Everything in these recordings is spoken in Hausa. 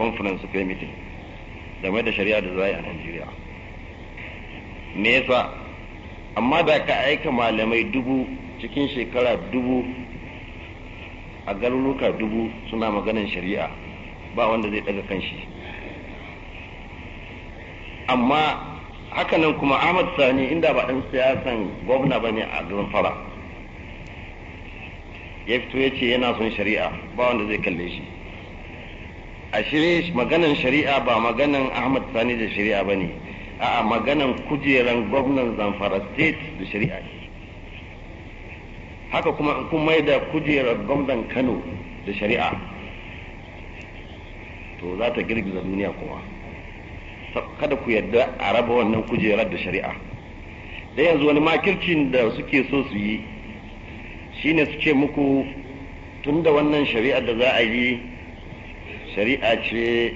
conference pay meeting mai da shari'a da zai a Najeriya me yasa amma da ka aika malamai dubu cikin shekara dubu a garuruka dubu suna maganin shari'a ba wanda zai daga kanshi amma hakanan kuma Ahmad Sani inda ba ɗan siyasan gwamna ba ne a garin fara ya fito ya ce yana son shari'a ba wanda zai kalle shi a shirye maganan shari'a ba maganan ahmad sani da shari'a ba ne a'a maganan kujeran gwamnan zamfara state da shari'a ne. haka kuma in kun da kujerar gwamnan kano da shari'a to za ta girgiza duniya kuma kada ku yarda a raba wannan kujerar da shari'a da yanzu wani makircin da suke so su yi shine su ce muku tun da wannan shari'ar da za a yi shari'a ce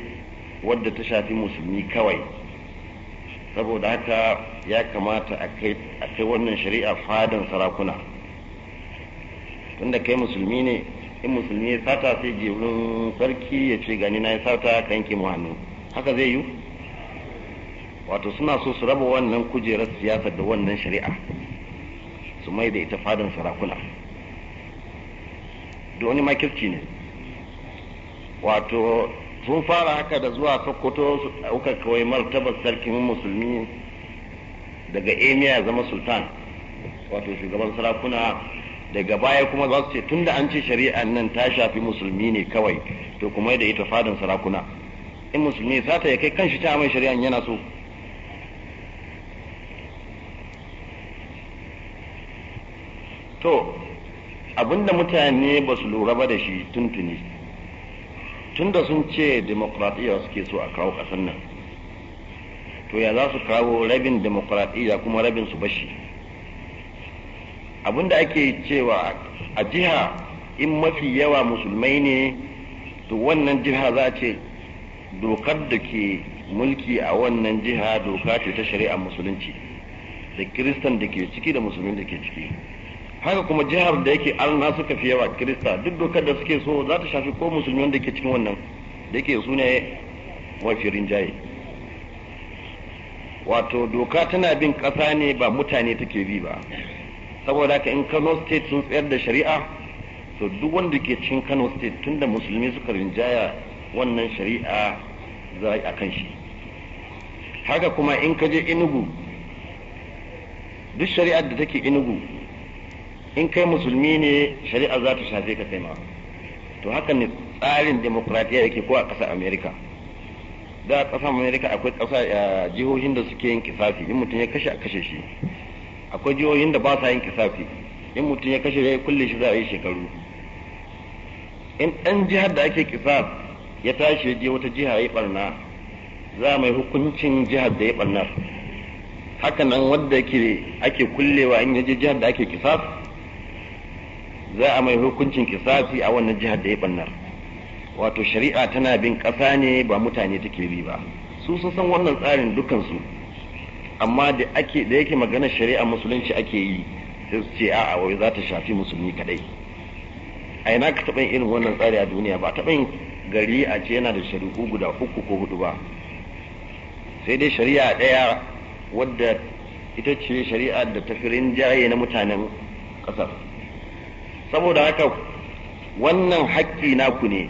wadda ta shafi musulmi kawai saboda haka ya kamata a kai wannan shari'a fadan sarakuna tunda kai musulmi ne in musulmi ya sata sai je wurin sarki ya ce gani na ya sata ka yanke mu hannu haka zai yi wato suna so su raba wannan kujerar siyasa da wannan shari'a su mai da ita fadan sarakuna da wani makirci ne wato sun fara haka da zuwa sokoto su ɗauka kawai martabar sarkin musulmi daga emiya zama sultan wato shugaban sarakuna daga baya kuma za su ce tun da an ce shari'an nan ta shafi musulmi ne kawai to kuma da ita fadan sarakuna in musulmi sata ya kai kanshi ta mai shari'a yana so to abinda mutane ba su lura ba da shi tuntuni tunda sun ce demokradiyya suke so a kawo ƙasar nan to ya za su kawo rabin demokradiyya kuma rabin su bashi abinda ake cewa a jiha in mafi yawa musulmai ne to wannan jiha za a ce dokar da ke mulki a wannan jiha doka ce ta shari'ar musulunci da kiristan da ke ciki da musulmin da ke ciki haka kuma jihar da yake arna suka fi yawa kirista duk dokar da suke so za ta shafi ko musulmi wanda ke cikin wannan da yake su ne mafi rinjaye wato doka tana bin ƙasa ne ba mutane take bi ba saboda haka in kano state sun tsayar da shari'a to duk wanda ke cikin kano state tunda musulmi suka rinjaya wannan shari'a za a kan shi haka kuma in ka je inugu duk shari'ar da take inugu in kai musulmi ne shari'a za ta shafe ka kai ma to haka ne tsarin demokradiyya yake ko a ƙasar amerika da a ƙasar amerika akwai ƙasa jihohin da suke yin kisafi in mutum ya kashe a kashe shi akwai jihohin da ba sa yin kisafi in mutum ya kashe ya kulle shi za a yi shekaru in ɗan jihar da ake kisaf ya tashi ya je wata jiha ya barna za a mai hukuncin jihar da ya barnar haka nan wadda ake kullewa in ya je jihar da ake kisaf za a mai hukuncin kisafi a wannan jihar da ya bannar wato shari'a tana bin ƙasa ne ba mutane take bi ba su sun san wannan tsarin dukansu amma da ake da yake magana shari'a musulunci ake yi sai su ce a'a wai za ta shafi musulmi kadai a ina ka taɓa irin wannan tsari a duniya ba taɓa yin gari a ce yana da shari'u guda uku ko hudu ba sai dai shari'a ɗaya wadda ita ce shari'a da tafirin jaye na mutanen ƙasar saboda haka wannan haƙƙi naku ne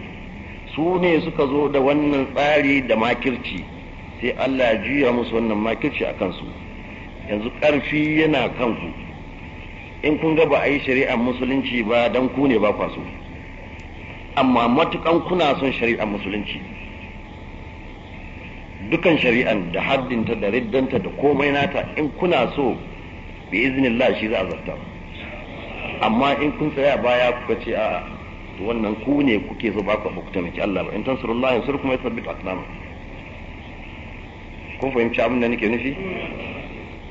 su ne suka zo da wannan tsari da makirci sai Allah ya juya musu wannan makirci a kansu yanzu ƙarfi yana kanku in kun ga ba a yi shari'ar musulunci ba don ku ne ba kwaso amma matukan kuna son shari'ar musulunci dukan shari'an da haddinta da riddanta da komai nata in kuna so bi iznillah shi za a zartawa amma in kun tsaya baya kuka ce a'a to wannan ku ne kuke so ba ku ku taimaki Allah ba in tansurullahi yansurkum wa yuthabbit aqdamakum kun fahimci abin da nake nufi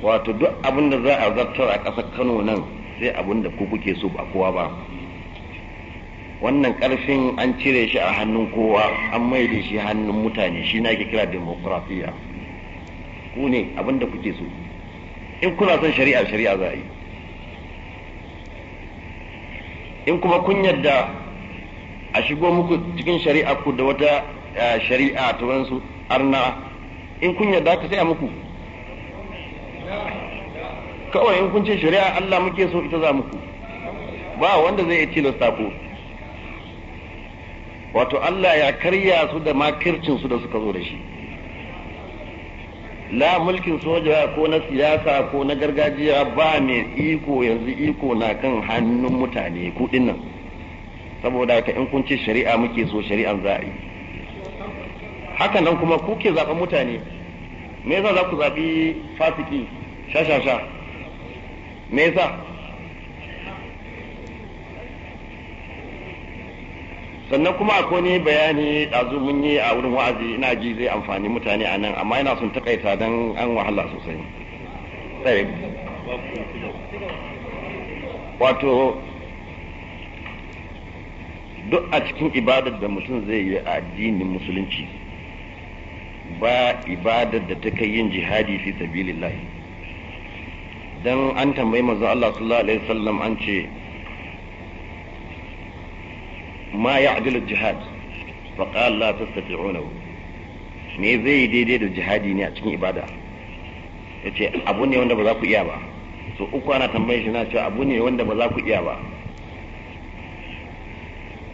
wato duk abin da za a zartar a ƙasar Kano nan sai abin da ku kuke so ba kowa ba wannan ƙarfin an cire shi a hannun kowa an maida shi hannun mutane shi na ke kira demokrafiya ku ne abin da kuke so in kuna son shari'a shari'a za a yi in kuma kun yadda a shigo muku cikin shari'a ku da wata eh, shari'a ta wansu arna in kun yadda ka saya muku kawai in kun ce shari'a Allah muke so ita za muku ba wanda zai iya tilasta ku wato Allah ya karya su da makircin su da suka zo da shi la mulkin soja ko na siyasa ko na gargajiya ba mai iko yanzu iko na kan hannun mutane kudin nan saboda ka in kun ce shari'a muke so shari'an za a yi hakan nan kuma kuke zaɓen mutane me yasa za ku zaɓi fasiki shashasha me yasa sannan kuma a koni bayani ɗazu mun yi a wurin wa'azi ina ji zai amfani mutane a nan amma ina son takaita don an wahala sosai wato duk a cikin ibadar da mutum zai yi a addinin musulunci ba ibadar da ta kai yin jihadi fi sabilillahi don an tambayi manzo Allah sallallahu alaihi wasallam an ce ما يعدل jihad فقال لا تستطيعونه tastati'unahu me zai daidai da jihadi ne a cikin ibada yace abu ne wanda ba za ku iya ba so uku ana tambaye shi na cewa abu ne wanda ba za ku iya ba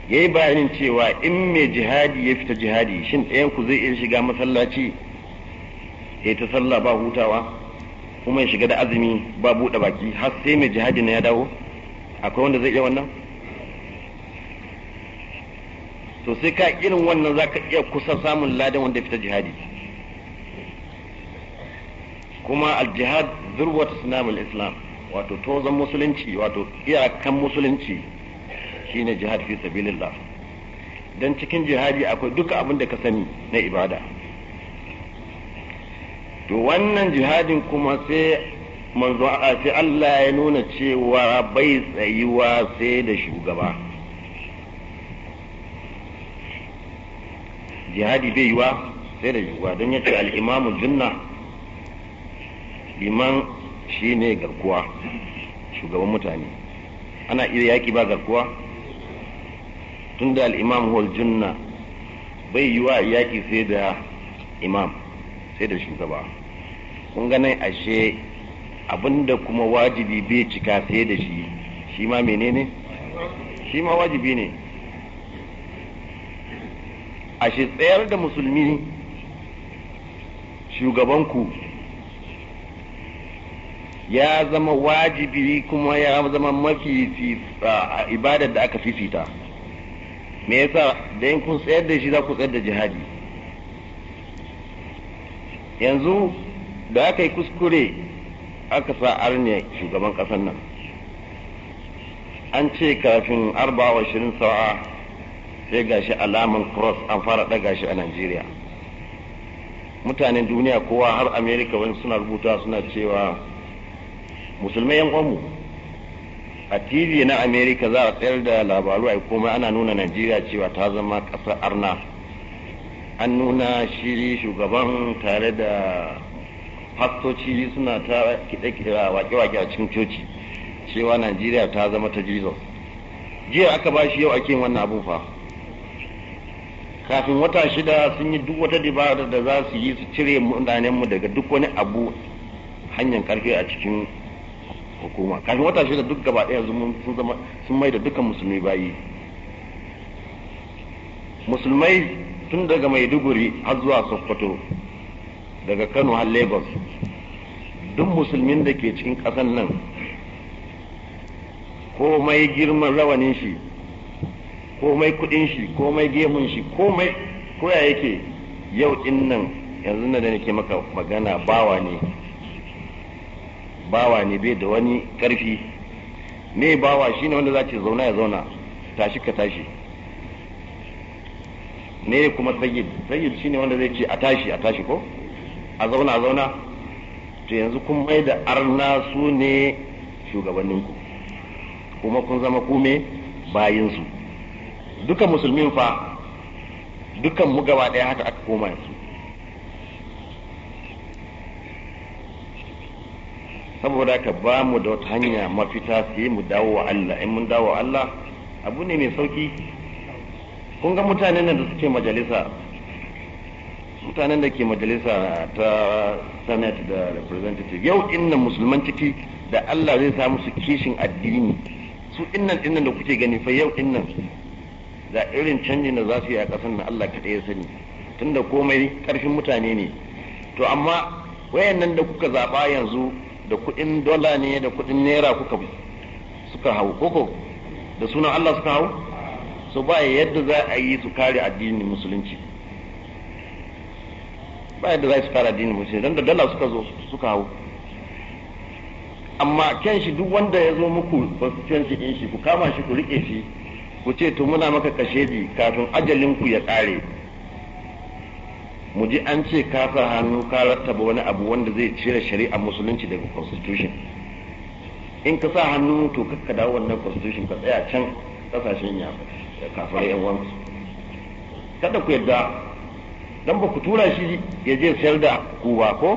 ya yi bayanin cewa in mai jihadi ya fita jihadi shin ɗayan ku zai iya shiga masallaci ya ta sallah ba hutawa kuma ya shiga da azumi ba buɗe baki har sai mai jihadi na ya dawo akwai wanda zai iya wannan to sai ka irin wannan za ka iya kusa samun ladan wanda ya fita jihadi kuma aljihad zurwata sunamun islam wato tozan musulunci wato iyakan musulunci shine jihad fi sabilillah dan cikin jihadi akwai duka abin da ka sani na ibada to wannan jihadin kuma sai manzo a sai Allah ya nuna cewa bai tsayuwa sai da shugaba jihadi bai yiwa sai da yiwuwa don ya ce al'imamu junna liman shi ne garkuwa shugaban mutane ana iya yaƙi ba garkuwa tun da al'imam wal junna bai yiwa yaƙi sai da imam sai da shugaba kun ganin ashe abinda kuma wajibi bai cika sai da shi shi ma menene shi ma wajibi ne ashe tsayar da musulmi shugabanku ya zama wajibi kuma ya zama mafi ibadar da aka fifita me yasa da yin kun tsayar da shi za ku tsayar da jihadi yanzu da aka yi kuskure aka sa arne shugaban ƙasar nan an ce kafin arba'a wa shirin sa'a sai gashi alaman cross an fara daga shi a Najeriya mutanen duniya kowa har America wani suna rubuta suna cewa musulmai yan uwanmu a TV na Amerika, za a tsayar da labaru ai komai ana nuna Najeriya cewa ta zama ƙasar arna an nuna shiri shugaban tare da fastoci suna ta kiɗe-kiɗe wake-wake a cikin coci cewa Najeriya ta zama ta Jesus jiya aka ba yau ake wannan abun fa kafin wata shida sun yi duk wata dabara da za su yi su cire mu daga duk wani abu hanyar karfe a cikin hukuma kafin wata shida duk gaba ɗaya sun mai da dukkan musulmi bayi musulmai tun daga maiduguri har zuwa sokoto daga kano har lagos duk musulmin da ke cikin kasan nan komai girman rawanin shi komai kudin shi komai gemun shi komai koya yake yau din nan yanzu na da nake maka magana bawa ne bawa ne bai da wani karfi ne bawa shine wanda za ce zauna ya zauna tashi ka tashi ne kuma sayyid sayyid shine wanda zai ce a tashi a tashi ko a zauna a zauna to yanzu kun mai da arna su ne shugabanninku kuma kun zama kume bayinsu dukan musulmin fa dukan mu gaba daya haka aka koma yanzu saboda ka ba mu da wata hanya mafita sai mu dawo wa Allah in mun dawo wa Allah abu ne mai sauki kun ga mutanen nan da suke majalisa mutanen da ke majalisa ta senate da representative yau innan musulman ciki da Allah zai samu su kishin addini su innan innan da kuke gani fa yau innan da irin canjin da za su yi a ƙasar na Allah kaɗai ya sani tunda komai ƙarfin mutane ne to amma wayannan da kuka zaɓa yanzu da kuɗin dola ne da kuɗin naira kuka suka hau koko da sunan Allah suka hau so ba yadda za a yi su kare addinin musulunci ba yadda za su kare addinin musulunci don da dala suka zo suka hau amma kyan shi duk wanda ya zo muku ba su ɗin shi ku kama shi ku riƙe shi ku ce to muna maka kashedi kafin ajalin ku ya kare mu ji an ce ka sa hannu ka rattaba wani abu wanda zai cire shari'a musulunci daga constitution in ka sa hannu to kakka dawo wannan constitution ka tsaya can kasashen ya kafa yan wansu kada ku yadda dan ba ku tura shi ya je sayar da ku ba ko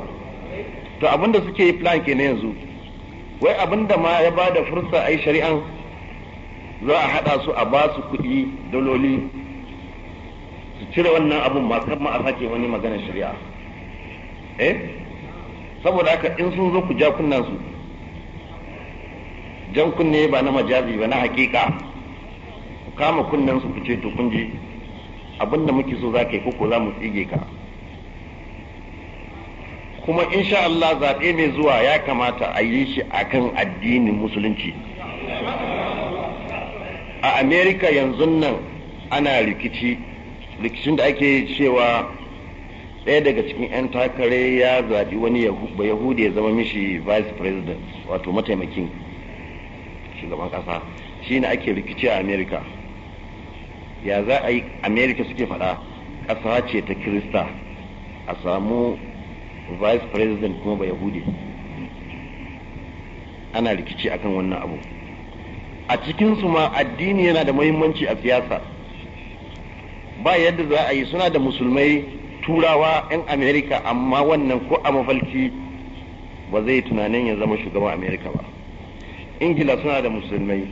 to abinda suke yi plan kenan yanzu wai abinda ma ya ba da fursa yi shari'an za a haɗa su a ba su kuɗi daloli su cire wannan abun ba kan ma a sake wani magana shari'a eh saboda haka in sun zo ku ja kunnan su jan kunne ba na majazi ba na hakika ku kama kunnen su ku ce to kun je abin da muke so za ka yi ko za mu tsige ka kuma in sha Allah zaɓe mai zuwa ya kamata a yi shi akan addinin musulunci a america yanzu nan ana rikici rikicin da ake cewa ɗaya daga cikin 'yan takare ya zaɓi wani yahudi ya zama mishi vice president wato mataimakin shugaban ƙasa shi ne ake rikici a america ya za a yi america suke faɗa ƙasa ce ta kirista a samu vice president kuma ba yahudi ana rikici akan wannan abu a cikinsu ma addini yana da muhimmanci a siyasa ba yadda za a yi suna da musulmai turawa 'yan amerika amma wannan ko a mafalki ba zai tunanin ya zama shugaban amerika ba ingila suna da musulmai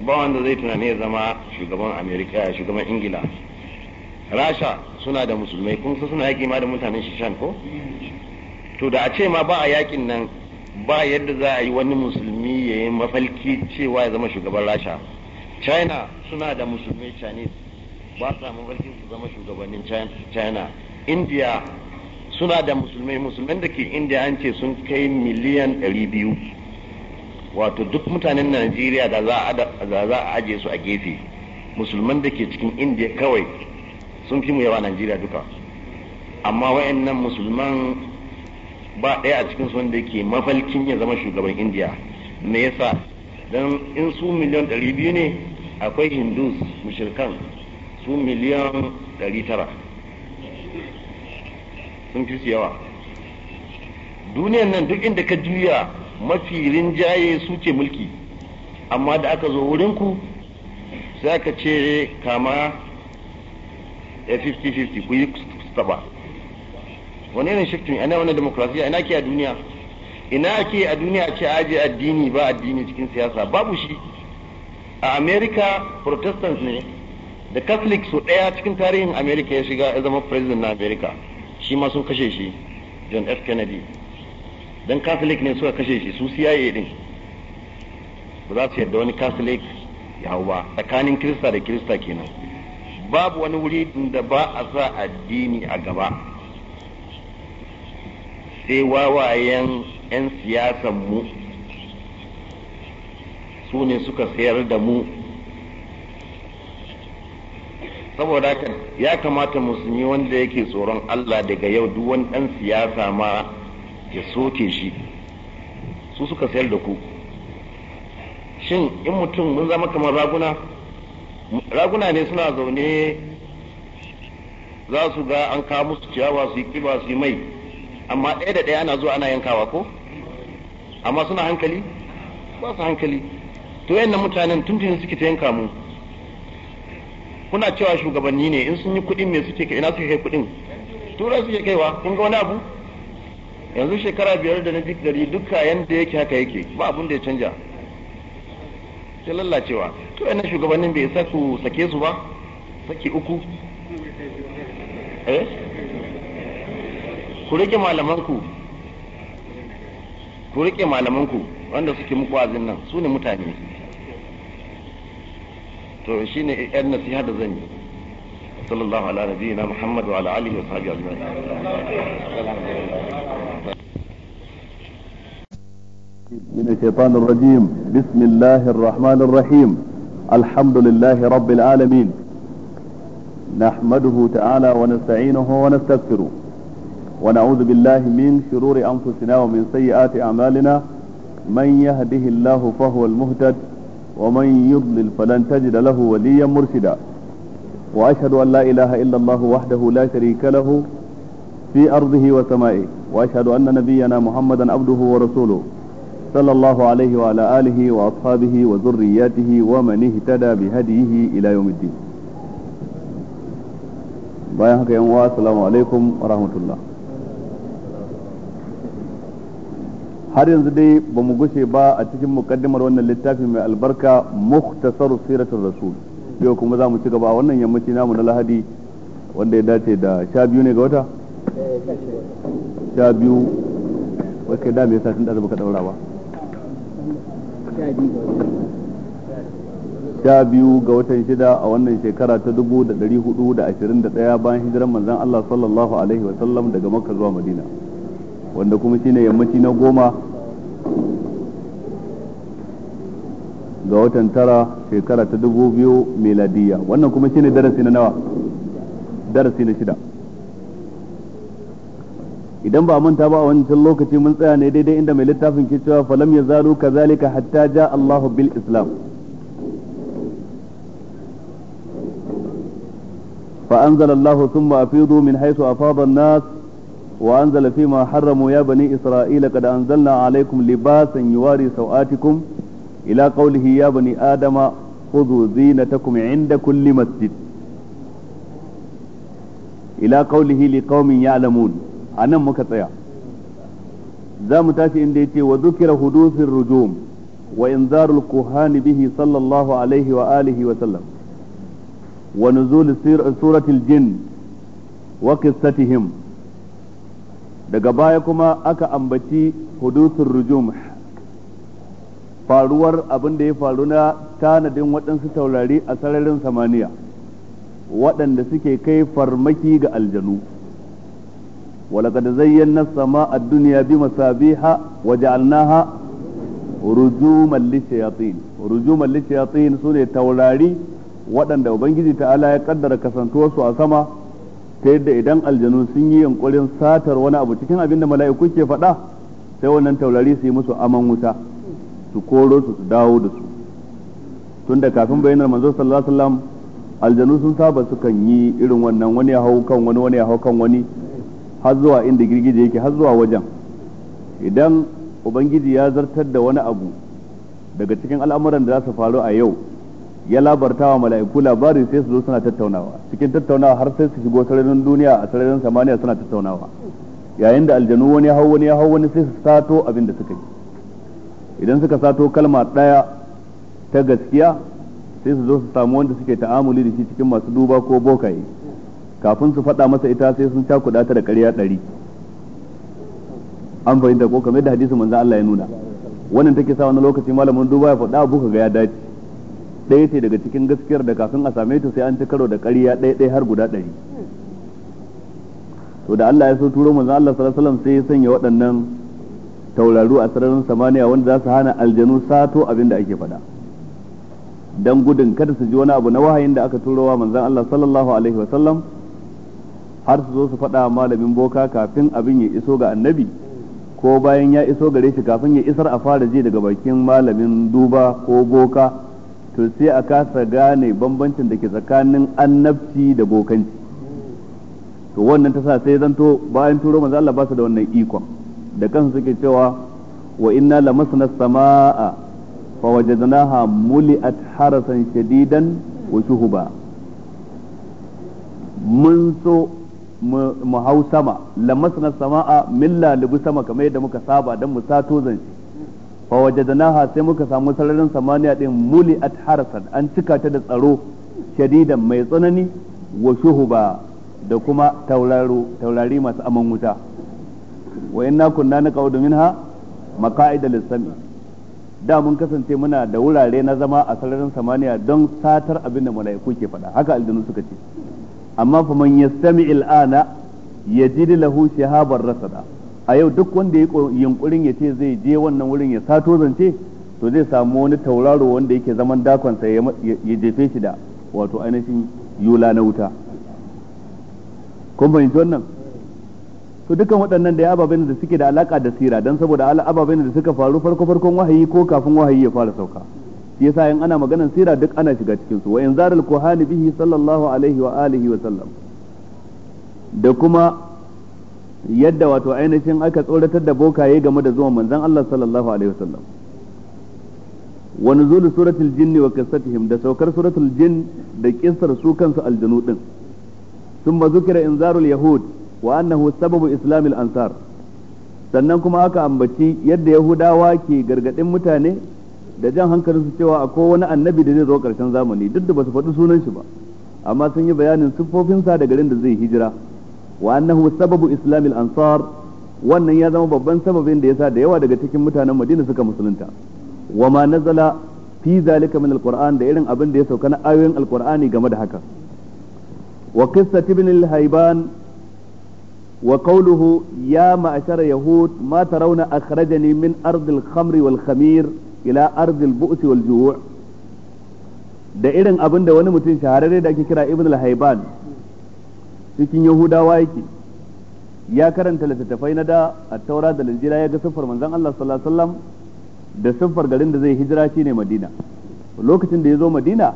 ba wanda zai tunanin ya zama shugaban amerika ya shugaban ingila rasha suna da musulmai kun suna yaki ma da mutanen shishan ko to da a ce ma ba a yakin nan ba yadda za a yi wani musulmi ya yi mafalki cewa ya zama shugaban rasha china suna da musulmi chinese ba sa mafalki su zama shugabannin china india suna da musulmai musulman da ke india an ce sun kai miliyan 200 wato duk mutanen najeriya da za a aje su a gefe musulman da ke cikin india kawai sun fi mu yawa najeriya duka amma wayannan musulman ba ɗaya a cikin wanda yake mafalkin ya zama shugaban indiya me yasa dan in su miliyan ɗari biyu ne akwai hindus mushirkan su miliyan ɗari tara sun fi yawa duniyar nan duk inda ka juya mafi rinjaye su ce mulki amma da aka zo wurinku sai aka ce kama 50-50 eh, ku yi saba wani irin shakkin ana wani demokrasiya ina ke a duniya ina ke a duniya ce aji addini ba addini cikin siyasa babu shi a america protestants ne da catholic su daya cikin tarihin america ya shiga ya zama president na america shi ma sun kashe shi john f kennedy dan catholic ne suka kashe shi su cia din ba za su yadda wani catholic ya hau ba tsakanin kirista da kirista kenan babu wani wuri da ba a sa addini a gaba sai wawayen 'yan siyasan mu su ne suka sayar da mu saboda haka ya kamata musulmi wanda yake tsoron Allah daga yau duk wani ɗan siyasa ma ya soke shi su suka sayar da ku shin in mutum mun zama kamar raguna raguna ne suna zaune za su ga an kawo musu ciyawa su yi kiba su yi mai amma ɗaya da ɗaya ana zuwa ana yankawa ko amma suna hankali ba su hankali to yayin mutanen tuntuni suke ta yanka mu kuna cewa shugabanni ne in sun yi kuɗin me suke kai ina suke kai kuɗin tura suke kaiwa kun ga wani abu yanzu shekara biyar da na ji gari duka yanda yake haka yake ba abun da ya canja sai lallacewa to yadda shugabannin bai sa ku sake su ba saki uku eh ku rike malamanku ku rike malamanku wanda suke muku azin nan su ne mutane to shi ne yan nasiha da zan yi sallallahu ala nabiyina muhammad wa ala alihi wa sahbihi ajma'in من الشيطان الرجيم بسم الله الرحمن الرحيم الحمد لله رب العالمين نحمده تعالى ونستعينه ونستغفره ونعوذ بالله من شرور أنفسنا ومن سيئات أعمالنا من يهده الله فهو المهتد ومن يضلل فلن تجد له وليا مرشدا وأشهد أن لا إله إلا الله وحده لا شريك له في أرضه وسمائه وأشهد أن نبينا محمدا عبده ورسوله صلى الله عليه وعلى آله وأصحابه وذرياته ومن اهتدى بهديه إلى يوم الدين بايعك يا السلام عليكم ورحمة الله har yanzu dai ba mu gushe ba a cikin mukaddimar wannan littafi mai albarka muhtasar siratul rasul yau kuma za mu ci gaba a wannan yammaci namu na lahadi wanda ya dace da sha biyu ne ga wata sha biyu wacce da me yasa tun da baka daura ba sha biyu ga watan shida a wannan shekara ta dubu da dari hudu da ashirin da daya bayan hijiran manzan Allah sallallahu alaihi wa sallam daga Makka zuwa Madina wanda kuma shine yammaci na goma ga watan tara shekara ta dubu biyu meladiya wannan kuma shine darasi na nawa darasi na shida idan ba manta ba a wancan lokaci mun tsaya ne daidai inda mai littafin ke cewa falam ya zalu kazalika hatta ja Allahu bil islam fa anzala Allahu thumma afidu min haythu afada an-nas وأنزل فيما حرموا يا بني إسرائيل قد أنزلنا عليكم لباسا يواري سوآتكم إلى قوله يا بني آدم خذوا زينتكم عند كل مسجد إلى قوله لقوم يعلمون أنا مكتيا za mu tashi inda ya ce wa zukira hudusin rujum wa inzarul kuhani bihi sallallahu alaihi wa wa sallam wa jin wa qissatihim daga baya kuma aka ambaci hudusun rujum faruwar abin da ya faru na tanadin waɗansu taurari a sararin samaniya waɗanda suke kai farmaki ga aljanu sama ولقد زينا السماء الدنيا بمصابيح وجعلناها رجوما للشياطين رجوما su ne taurari waɗanda Ubangiji ta'ala ya kaddara kasantuwarsu a sama ta yadda idan aljanu sun yi yankurin satar wani abu cikin abin da mala'iku ke faɗa sai wannan taurari su yi musu aman wuta su koro su su dawo da su tunda kafin bayanar manzo sallallahu alaihi wasallam aljanu sun saba sukan yi irin wannan wani ya hau kan wani wani ya hau kan wani har zuwa inda girgije yake har zuwa wajen idan ubangiji ya zartar da wani abu daga cikin al'amuran da za su faru a yau ya labarta wa mala'iku labari sai su zo suna tattaunawa cikin tattaunawa har sai su shigo sararin duniya a sararin samaniya suna tattaunawa yayin da aljanu wani ya hau wani ya hau wani sai su sato abin da suka yi idan suka sato kalma ɗaya ta gaskiya sai su zo su samu wanda suke ta'amuli da shi cikin masu duba ko bokaye kafin su faɗa masa ita sai sun cakuɗa ta da ƙarya ɗari an fahimta ko kamar da hadisin manzo Allah ya nuna wannan take sa wani lokaci malamin duba ya faɗa abu ka ga ya dace ɗaya ce daga cikin gaskiyar da kafin a same ta sai an ci karo da ƙarya ɗaya ɗaya har guda ɗari to da Allah ya so turo manzon Allah sallallahu alaihi wasallam sai ya sanya waɗannan tauraru a sararin samaniya wanda za su hana aljanu sato abin da ake faɗa dan gudun kada su ji wani abu na wahayin da aka turo wa manzon Allah sallallahu alaihi wasallam har su zo su faɗa malamin boka kafin abin ya iso ga annabi ko bayan ya iso gare shi kafin ya isar a fara ji daga bakin malamin duba ko boka to sai a kasa gane bambancin da ke tsakanin annabci da bokanci to wannan ta sa sai zanto bayan turo manzo Allah ba su da wannan ikon da kansu suke cewa wa inna lamasna samaa fa wajadnaha muli'at harasan shadidan wa shuhuba mun so mu hau sama lamasna samaa min libu sama kamar yadda muka saba dan mu sato zance fa wajadnaha sai muka samu sararin samaniya din muli'at harasan an cika ta da tsaro shadidan mai tsanani wa shuhuba da kuma taurari masu aman wuta wa inna kunna naqaudu minha maqa'ida lis da mun kasance muna da wurare na zama a sararin samaniya don satar abin da mala'iku ke faɗa haka aljinu suka ce amma fa man yastami'il ana yajid lahu shihabar rasada a yau duk wanda ya yunkurin ya ce zai je wannan wurin ya sato zance to zai samu wani tauraro wanda yake zaman dakonsa ya jefe shi da wato ainihin yula na wuta kun fahimci wannan to dukan waɗannan da ya ababen da suke da alaka da sira don saboda ababen da suka faru farko farkon wahayi ko kafin wahayi ya fara sauka shi yasa in ana maganar sira duk ana shiga cikin su wa in zaral bihi sallallahu alaihi wa alihi wa sallam da kuma yadda wato ainihin aka tsoratar da bokaye game da zuwan manzon Allah sallallahu alaihi wasallam wa nuzul suratul jinni wa qissatihim da saukar suratul jin da kissar su kansu aljinu din thumma zukira inzarul yahud wa annahu sababu islamil ansar sannan kuma aka ambaci yadda yahudawa ke gargadin mutane da jan hankalinsu cewa akwai wani annabi da zai zo karshen zamani duk da basu faɗi sunan shi ba amma sun yi bayanin siffofinsa da garin da zai hijira wa annahu sababu islamil ansar wannan ya zama babban sababin da yasa da yawa daga cikin mutanen Madina suka musulunta wa ma nazala fi zalika min alquran da irin abin da ya sauka na ayoyin alqur'ani game da haka wa qissat ibn al wa qawluhu ya ma'ashara yahud ma tarawna akhrajani min ard al-khamri wal khamir ila ard al wal ju' da irin abin da wani mutum shahararre da ake kira ibn al cikin yahudawa yake ya karanta littattafai na da a taura da linjira ya ga siffar manzon Allah sallallahu alaihi wasallam da siffar garin da zai hijira shine Madina lokacin da ya zo Madina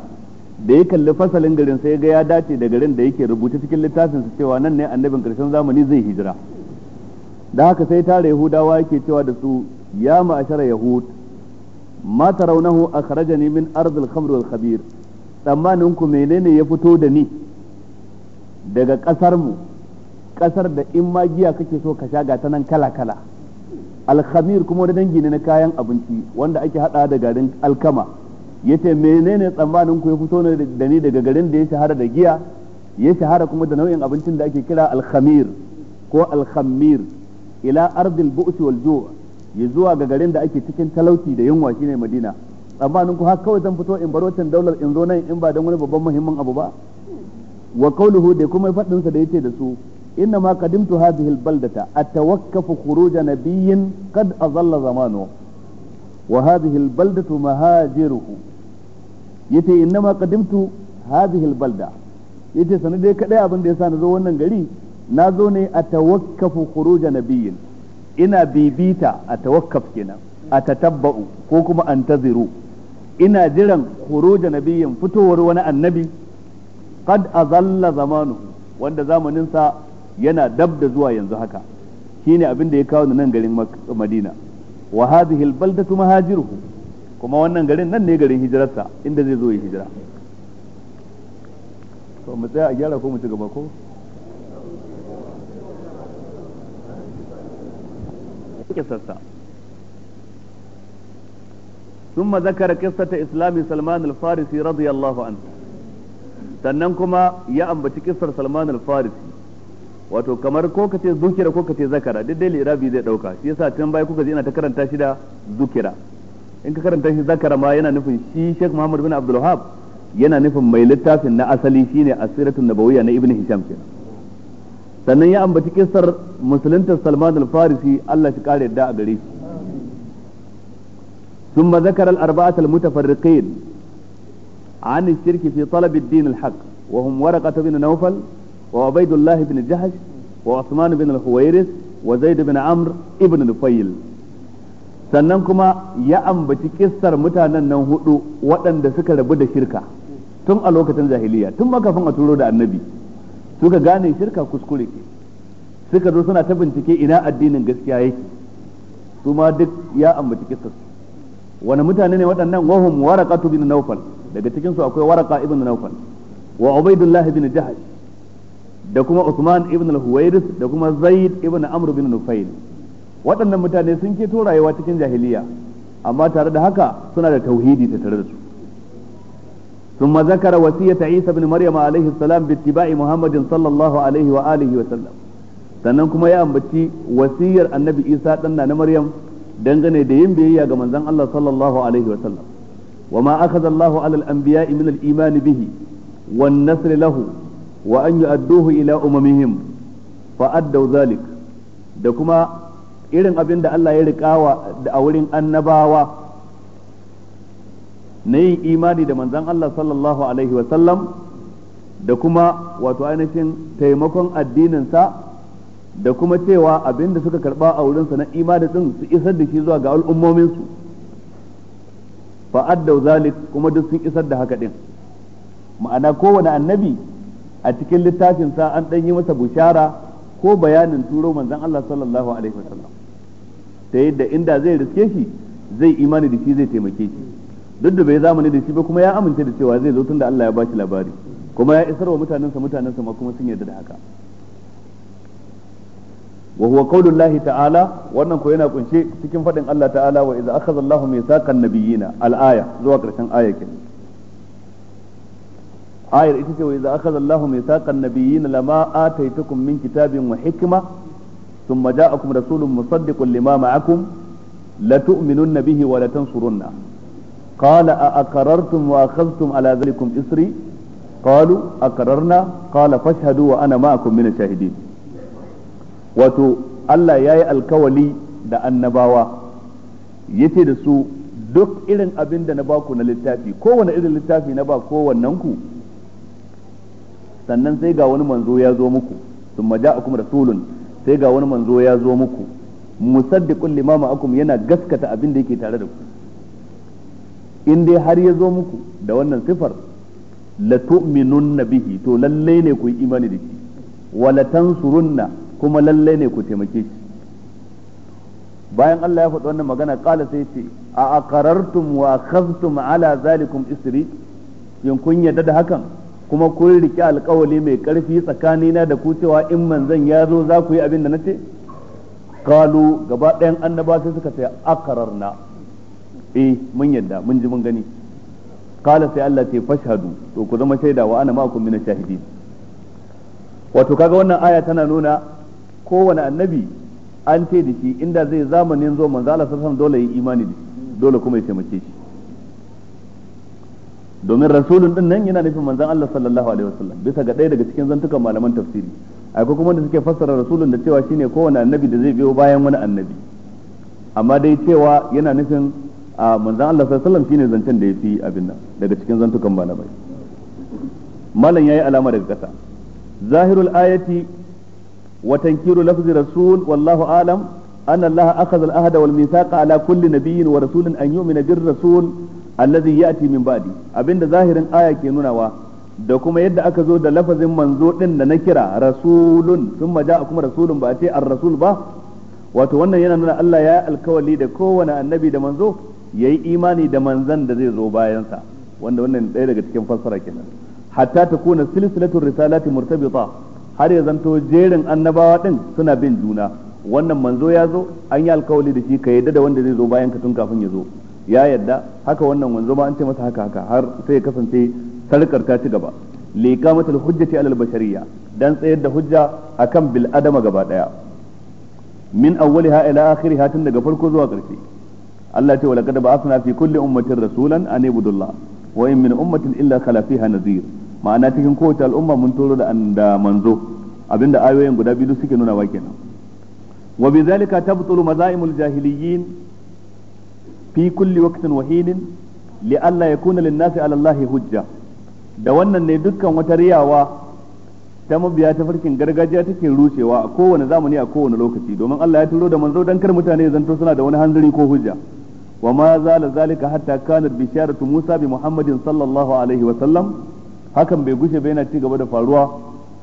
da ya kalli fasalin garin sai ga ya dace da garin da yake rubuta cikin littafin sa cewa nan ne annabin karshen zamani zai hijira da haka sai tare yahudawa yake cewa da su ya ma'ashara yahud ma tarawnahu akhrajani min ardil khamr wal khabir tsammanin ku menene ya fito da ni daga ƙasar mu ƙasar da in ma giya kake so ka sha ga ta nan kala kala alkhamir kuma wani dangi ne na kayan abinci wanda ake hada da garin alkama yace menene tsammanin ku ya fito ne da ni daga garin da ya shahara da giya ya shahara kuma da nau'in abincin da ake kira alkhamir ko alkhamir ila ardil bu'ti wal ju' ya zuwa ga garin da ake cikin talauci da yunwa shine madina tsammanin ku har kawai zan fito in bar daular in zo nan in ba dan wani babban muhimmin abu ba wa qawluhu da kuma fadin sa da yace da su inna ma qadimtu hadhihi albaldata atawakkafu khuruj nabiyyin qad azalla zamanu wa hadhihi albaldatu mahajiruhu yace inna ma qadimtu hadhihi albalda yace sanin dai kadai abin da yasa na zo wannan gari na zo ne a tawakkafu khuruj nabiyyin ina bibita a tawakkaf kenan a tatabba'u ko kuma antaziru ina jiran khuruj nabiyyin fitowar wani annabi kad azalla zamanu wanda zamanin sa yana dab da zuwa yanzu haka shine abin da ya kawo nan garin Madina wa hadhihi albaldatu mahajiruhu kuma wannan garin nan ne garin hijirarsa inda zai zo ya hijira to mu tsaya a gyara ko mu ci gaba ko kisarsa ثم ذكر قصة إسلام سلمان الفارسي رضي الله عنه sannan kuma ya ambaci kissar Salman al-Farisi wato kamar ko kace zukira ko kace zakara duk dai lirabi zai dauka shi yasa tun baya kuka ji ina ta karanta shi da zukira in ka karanta shi zakara ma yana nufin shi Sheikh Muhammad bin Abdul Wahhab yana nufin mai littafin na asali shine asiratun nabawiyya na Ibn Hisham kenan sannan ya ambaci kissar musulunta Salman al-Farisi Allah shi kare da a gare shi ثم ذكر الأربعة المتفرقين عن الشرك في طلب الدين الحق وهم ورقة بن نوفل وعبيد الله بن جهش وعثمان بن الخويرس وزيد بن عمرو ابن نفيل sannan kuma ya ambaci kissar mutanen nan hudu waɗanda suka rabu da shirka tun a lokacin jahiliya tun makafin a turo da annabi suka gane shirka kuskure ke suka zo suna ta bincike ina addinin gaskiya yake su ma duk ya ambaci kissar wani mutane ne waɗannan wahum waraqatu bin nawfal daga cikin su akwai waraka ibn nawfal wa ubaidullah ibn jahash da kuma usman ibn al-huwairis da kuma zaid ibn amr ibn nufail waɗannan mutane sun keto rayuwa cikin jahiliya amma tare da haka suna da tauhidi ta tare da su ثم ذكر وصية عيسى بن مريم عليه السلام باتباع محمد صلى الله عليه وآله وسلم sannan kuma ya ambaci wasiyar annabi isa ɗanna na maryam dangane da yin biyayya ga manzon Allah sallallahu alaihi وما أخذ الله على الأنبياء من الإيمان به والنصر له وأن يؤدوه إلى أممهم فأدوا ذلك da kuma irin abin الله Allah ya riƙawa da a wurin annabawa na yin imani da manzan Allah da kuma wato ainihin taimakon addininsa da kuma cewa abinda suka karɓa a wurinsa na imani ɗin su isar da shi zuwa ga al'ummominsu fa addau zalik kuma duk sun isar da haka din ma'ana kowane annabi a cikin littafin sa an dan yi masa bushara ko bayanin turo manzon Allah sallallahu alaihi wasallam ta yadda inda zai riske shi zai imani da shi zai taimake shi duk da bai zamani da shi ba kuma ya amince da cewa zai zo tunda Allah ya bashi labari kuma ya isar wa mutanensa mutanensa ma kuma sun yarda da haka wa huwa ta'ala wannan ko yana kunshe cikin fadin Allah ta'ala wa idza akhadha Allahu mithaqan nabiyina al-aya zuwa karshen aya kenan ayar ita ce wa idza akhadha Allahu mithaqan nabiyina lama ataitukum min kitabin wa hikma thumma ja'akum rasulun musaddiqun lima ma'akum la tu'minunna bihi wa la tansurunna qala a aqarartum wa akhadhtum ala isri qalu aqararna qala fashhadu wa ana ma'akum min ash wato Allah ya yi alkawali da annabawa ya ce da su duk irin abin da na baku na littafi kowane irin littafi na ba kowannen ku sannan sai ga wani manzo ya zo muku sun kuma rasulun sai ga wani manzo ya zo muku musaddiqun lima akum yana gaskata abin da yake tare da ku in dai har ya zo muku da wannan sifar la tu'minunna bihi to lallai ne ku yi imani da shi wala tansurunna kuma lalle ne ku taimake shi bayan Allah ya faɗi wannan magana ƙala sai ce a aqarartum wa akhadhtum ala zalikum isri in kun yadda da hakan kuma kun riƙe alƙawali mai ƙarfi tsakanina da ku cewa in manzan ya zo za ku yi abin da nace kalu gaba ɗayan annaba sai suka ce aqararna eh mun yadda mun ji mun gani kala sai Allah ce fashhadu to ku zama shaida wa ana ma'akum min shahidin wato kaga wannan aya tana nuna kowane annabi an ce da shi inda zai zamanin zo manzo Allah sallallahu dole yi imani da shi dole kuma ya taimake shi domin rasulun din nan yana nufin manzon Allah sallallahu alaihi wasallam bisa ga ɗaya daga cikin zantukan malaman tafsiri akwai kuma da suke fassara rasulun da cewa shine kowane annabi da zai biyo bayan wani annabi amma dai cewa yana nufin a manzon Allah sallallahu alaihi wasallam shine zancen da yafi abin nan daga cikin zantukan malamai malam yayi alama daga kasa zahirul ayati wa tankiru lafzi rasul wallahu alam أن الله أخذ الأهد والميثاق على كل نبي ورسول أن يؤمن بالرسول الذي يأتي من بعده أبين ظاهر آية كنونوا da kuma yadda aka zo da lafazin manzo din da na kira rasulun sun maja kuma rasulun ba a ce ar-rasul ba wato wannan yana nuna Allah ya alkawali da kowane annabi da manzo ya yi imani da manzan da zai zo bayansa wanda wannan ɗaya daga cikin fassara kenan hatta ta kuna silsilatul risalati murtabita har ya zanto jerin annabawa din suna bin juna wannan manzo ya zo an yi alkawali da shi ka yadda da wanda zai zo bayan ka tun kafin ya zo ya yadda haka wannan manzo ma an ce masa haka haka har sai ya kasance sarkar ta ci gaba hujja ce alal bashariyya dan tsayar da hujja akan bil adama gaba daya min awwaliha ila akhiriha tun daga farko zuwa ƙarshe Allah ce wa laqad ba'athna fi kulli ummatin rasulan an ibudullah wa in min ummatin illa khala fiha nadhir ma'ana cikin kowace al'umma mun turo da da manzo abinda ayoyin guda biyu suke nuna wa kenan wa bi zalika tabtulu mazaimul jahiliyyin fi kulli waqtin wa hinin li alla yakuna lin nasi ala allahi hujja da wannan ne dukkan wata riyawa ta mabiya ta farkin gargajiya take rushewa a kowane zamani a kowane lokaci domin Allah ya turo da manzo dan kar mutane zanto suna da wani hanzari ko hujja wa ma zala zalika hatta kanat bisharatu Musa bi Muhammadin sallallahu hakan bai gushe ba yana ci gaba da faruwa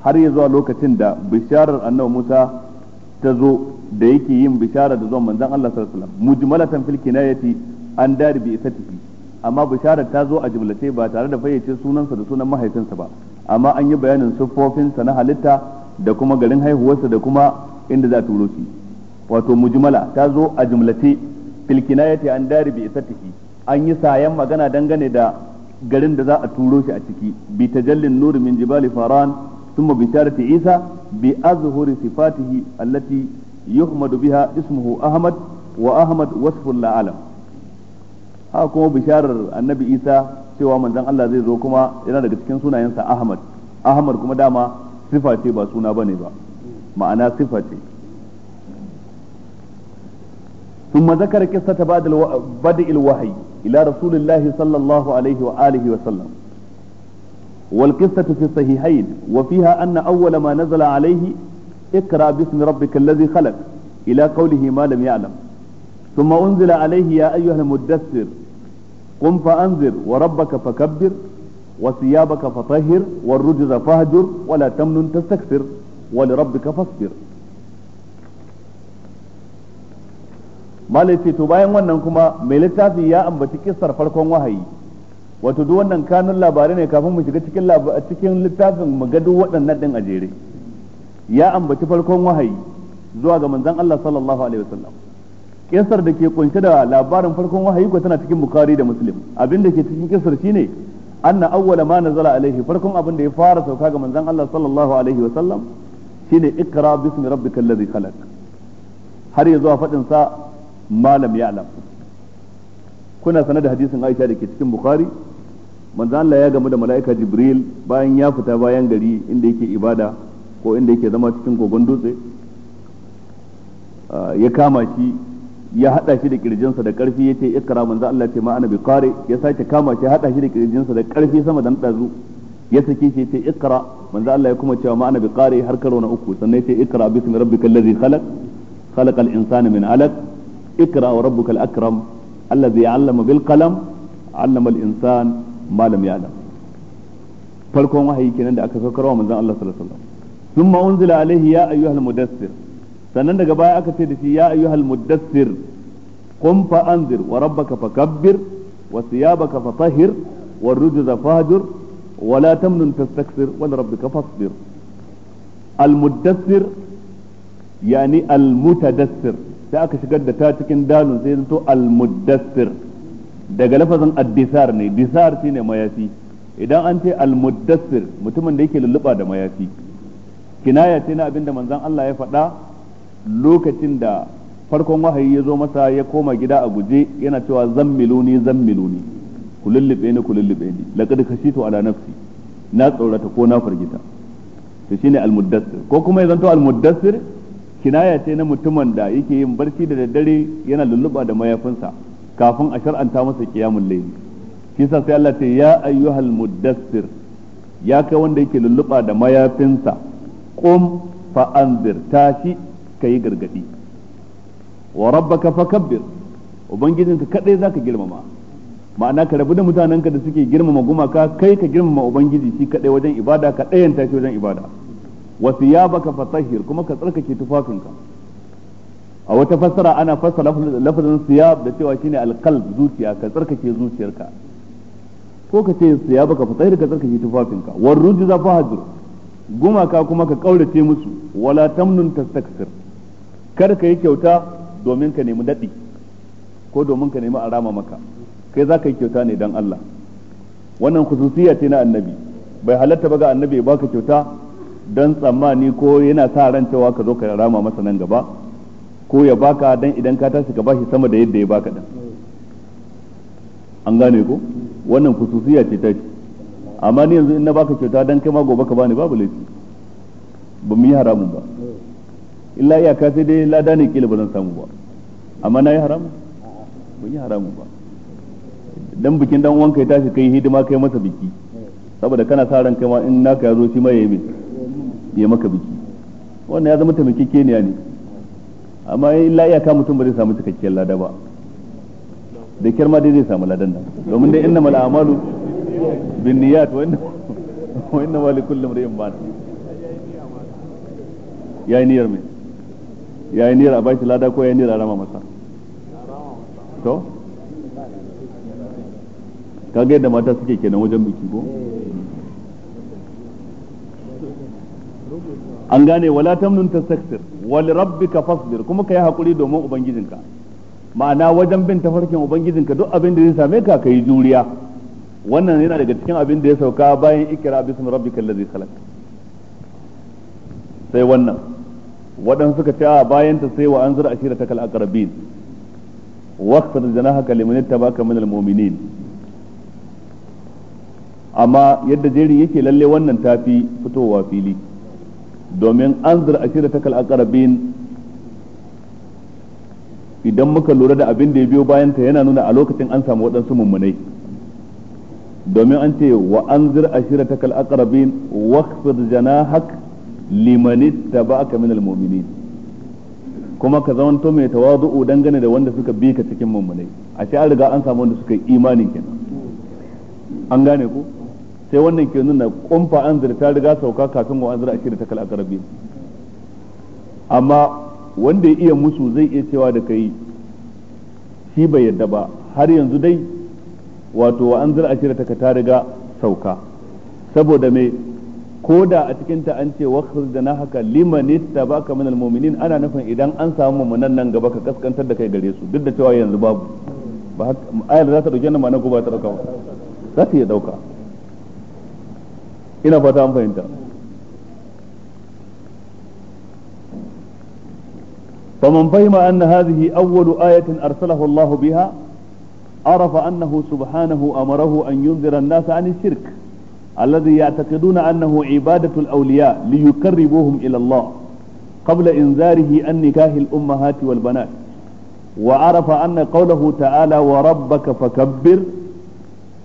har ya zuwa lokacin da bisharar annabi Musa ta zo da yake yin bishara da zuwan manzon Allah sallallahu alaihi wasallam mujmalatan fil kinayati an dari bi tafi amma bisharar ta zo a jumlace ba tare da fayyace sunansa da sunan mahaifinsa ba amma an yi bayanin siffofinsa na halitta da kuma garin haihuwarsa da kuma inda za ta turo wato mujmala ta zo a jumlace fil kinayati an dari bi isatihi an yi sayan magana dangane da garin da za a turo shi a ciki bi tajallin nur min jibali faran thumma bi sharati isa bi azhuri sifatihi allati yuhmadu biha ismuhu ahmad wa ahmad wasful la'alam haka kuma bisharar annabi isa cewa manzon Allah zai zo kuma yana daga cikin sunayensa ahmad ahmad kuma dama sifa ce ba suna bane ba ma'ana sifa ce ثم ذكر قصة بدء الوحي ila rasulillahi sallallahu alaihi wa alihi wa sallam wal qissatu fi sahihayn wa fiha anna awwala ma nazala alaihi ikra bismi rabbika alladhi khalaq ila qawlihi malami lam ya'lam thumma unzila alaihi ya ayyuhal muddaththir qum fa anzir wa rabbaka fakabbir wa thiyabaka fatahhir war rujza fahjur wa la tamnun tastakthir wa li rabbika fasbir malai ce to bayan wannan kuma mai littafi ya ambaci kissar farkon wahayi wato duk wannan kanun labarai ne kafin mu shiga cikin cikin littafin mu ga duk waɗannan din a jere ya ambaci farkon wahayi zuwa ga manzon Allah sallallahu alaihi wasallam kissar da ke kunshe da labarin farkon wahayi ko tana cikin bukari da muslim abin da ke cikin kissar shine anna awwala ma nazala alaihi farkon abin da ya fara sauka ga manzon Allah sallallahu alaihi wasallam shine ikra bismi rabbikal ladhi khalaq har ya zuwa fadin sa malam ya alam kuna sanar da hadisin Aisha da ke cikin Bukhari manzo Allah ya gamu da mala'ika Jibril bayan ya fita bayan gari inda yake ibada ko inda yake zama cikin gogon dutse ah, ya kama shi ya hada shi da kirjinsa da karfi yace ikra manzo Allah ce ma ana bi qari ya sake kama shi hada shi da kirjinsa da karfi sama da dazu ya sake shi yace ikra manzo Allah ya kuma cewa ma ana bi qari har karo na uku sannan yace ikra bismi rabbikal ladzi khalaq khalaqal insana min alaq ikra wa rabbukal akram allazi allama bil qalam allama al insan ma lam ya'lam farkon wahayi kenan da aka saukarwa manzon Allah sallallahu alaihi wasallam thumma unzila alaihi ya ayyuhal mudassir sannan daga baya aka ce da shi ya ayyuhal mudassir qum fa anzir wa rabbaka fakabbir wa thiyabaka fatahhir al mudassir yani al mutadassir sai aka shigar da ta cikin dalun sai zato al-muddassir daga lafazin addisar ne disar shine mayafi idan an ce al-muddassir mutumin da yake lulluba da mayafi kinaya ce na abinda manzon Allah ya faɗa lokacin da farkon wahayi ya zo masa ya koma gida a guje yana cewa zammiluni zammiluni ku lullube ni ku lullube ni laqad khashitu ala nafsi na tsorata ko na fargita to shine al-muddassir ko kuma ya zanto al-muddassir kinaya ce na mutumin da yake yin barci da daddare yana lulluba da mayafinsa kafin a shar'anta masa kiyamun layl shi sa sai Allah ce ya ayyuhal mudassir ya kai wanda yake lulluba da mayafinsa qum fa anzir tashi kai gargadi wa rabbaka fakabbir ubangijinka kadai zaka girmama ma'ana ka rabu da mutanen ka da suke girmama gumaka kai ka girmama ubangiji shi kadai wajen ibada ka dayanta shi wajen ibada wa thiyabaka fatahhir kuma ka tsarkake tufafinka a wata fassara ana fassara lafazin siyab da cewa shine alqalb zuciya ka tsarkake zuciyarka ko ka ce siyabaka fatahhir ka tsarkake tufafinka war rujza fahdur gumaka kuma ka kaurace musu wala tamnun tastaksir kar ka yi kyauta domin ka nemi dadi ko domin ka nemi arama maka kai za ka yi kyauta ne dan Allah wannan khususiyya ce na annabi bai halatta ba ga annabi ya baka kyauta don tsammani ko yana sa ran cewa ka zo ka rama masa nan gaba ko ya baka dan idan ka tashi ka bashi sama da yadda ya baka din an gane ko wannan kususiya ce ta ce amma ni yanzu in na baka kyauta dan kai ma gobe ka bani babu laifi ba mu yi haramun ba illa iyaka sai dai lada ne kila ba zan samu ba amma na yi haramun ba yi haramun ba dan bikin dan wanka ya tashi kai hidima kai masa biki saboda kana sa ran kai ma in naka ya zo shi ma ya yi mai ya maka biki wannan ya zama taimakekeniya ne amma illa iyaka mutum ba zai samu cikakkiyar lada ba da kyar ma dai zai samu ladan nan domin dai inna mal a'malu bin niyyat wa inna wa inna li ya imrin ma yayi niyyar me yayi niyyar a bashi lada ko yayi niyyar a rama masa to kaga yadda mata suke kenan wajen biki ko an gane wala tamnun tastaksir wal rabbika fasbir kuma kai hakuri domin ubangijinka ma'ana wajen bin tafarkin ubangijinka duk abin da zai same ka kai juriya wannan yana daga cikin abin da ya sauka bayan ikira bismi rabbikal ladzi khalaq sai wannan waɗansu suka ce a bayan ta sai wa anzur ashiratakal aqrabin waqtar janahaka liman ittabaka minal mu'minin amma yadda jeri yake lalle wannan tafi fitowa fili domin an anzir ashirataka al-aqrabin idan muka lura da abin da ya biyo bayan ta yana nuna a lokacin an samu waɗansu mummunai domin an ce wa an anzir ashirataka al-aqrabin wakhfid janahak liman ittaba'aka min al kuma ka zamanto mai tawazu'u dangane da wanda suka bi ka cikin mummunai a an riga an samu wanda suka yi imanin kenan an gane ku sai wannan ke nuna kumfa anzir ta riga sauka kafin wa anzir shirya ta kal aqrabi amma wanda ya iya musu zai iya cewa da kai shi bai yadda ba har yanzu dai wato wa anzir ashir ta ta riga sauka saboda me ko da a cikin ta an ce wakil da na haka ba ka minal mu'minin ana nufin idan an samu mummunan nan gaba ka kaskantar da kai gare su duk da cewa yanzu babu ba ayar za ta dauke na ma na gobe ta dauka za ta iya dauka ina fata an fahimta فمن فهم أن هذه أول آية أرسله الله بها عرف أنه سبحانه أمره أن ينذر الناس عن الشرك الذي يعتقدون أنه عبادة الأولياء ليقربوهم إلى الله قبل إنذاره عن نكاه الأمهات والبنات وعرف أن قوله تعالى وربك فكبر